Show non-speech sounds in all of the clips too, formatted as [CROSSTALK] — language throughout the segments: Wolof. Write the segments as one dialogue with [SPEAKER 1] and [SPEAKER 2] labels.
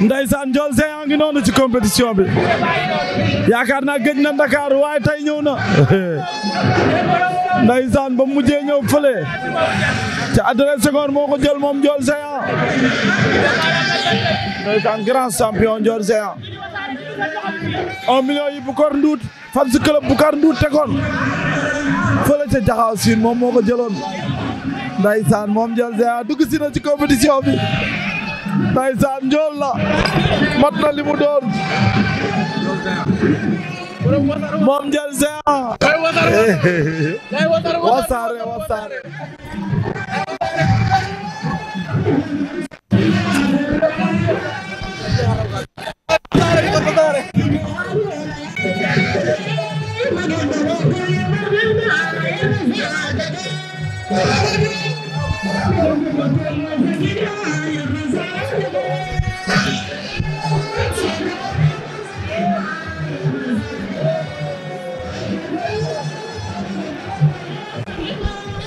[SPEAKER 1] Ndeysaan Ndiol Géant a ngi noonu ci compétition bi yaakaar naa gëj na Dakar waaye tey ñëw na Ndeysaan ba mujjee ñëw fale ci adresse seconde moo ko jël moom Ndiol Géant Ndeysaan grand champion Ndiol Géant un million yi Bukar Nduut fan si club Bukar Nduut tegoon fële ca Jaxaaw Siin moom moo ko jëloon Ndeysaan moom Ndiol Géant dugg si na ci compétition bi ndeysaan njool la mat na li mu doon moom njël seex wasaare wasaare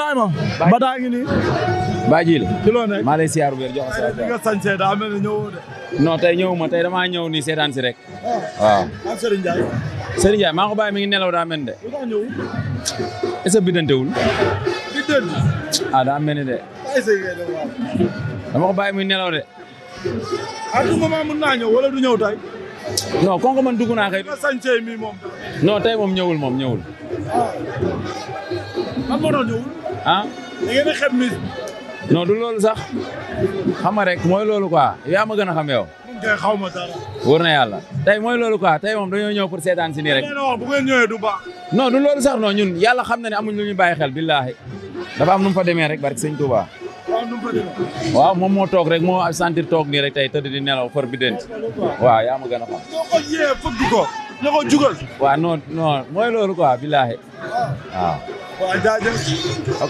[SPEAKER 1] Ibrahima badaa
[SPEAKER 2] ngi nii. Baay Jiili. ci loo ni ñëwoo de. non tey ñëwuma tey damaa ñëw nii si rek. Ah. waaw. Ah, maa ko bàyyi mi ngi nelaw daa mel de. lu tax ñëwul. est-ce que ah, de. dama
[SPEAKER 1] ko
[SPEAKER 2] ñëw wala man dugg naa kay. nga moom. non moom ñëwul ah. da ngeen di du loolu sax xam rek mooy loolu ko quoi yaa ma gën a xam yow. xaw ma dara. wóor na yàlla tey mooy loolu quoi tey moom dañoo ñëw pour seetaan si nii rek. bu ñëwee du baax. non du loolu sax noo ñun yàlla xam na ne amuñ lu ñu bàyyi xel billaahi dafa am nu mu fa demee rek barke sëñ Touba. waaw nu moom moo toog rek moo sentir toog nii rek tey tëdd di nelaw for bi dent waaw yaa ma gën a xam. soo ko yee billaahi waaw. waaw jaajëf.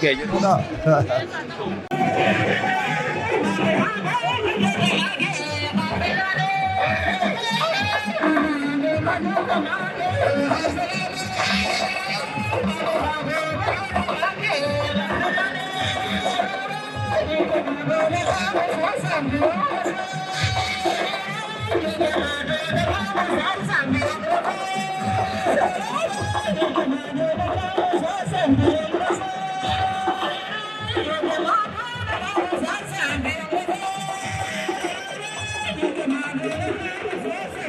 [SPEAKER 1] ok [LAUGHS]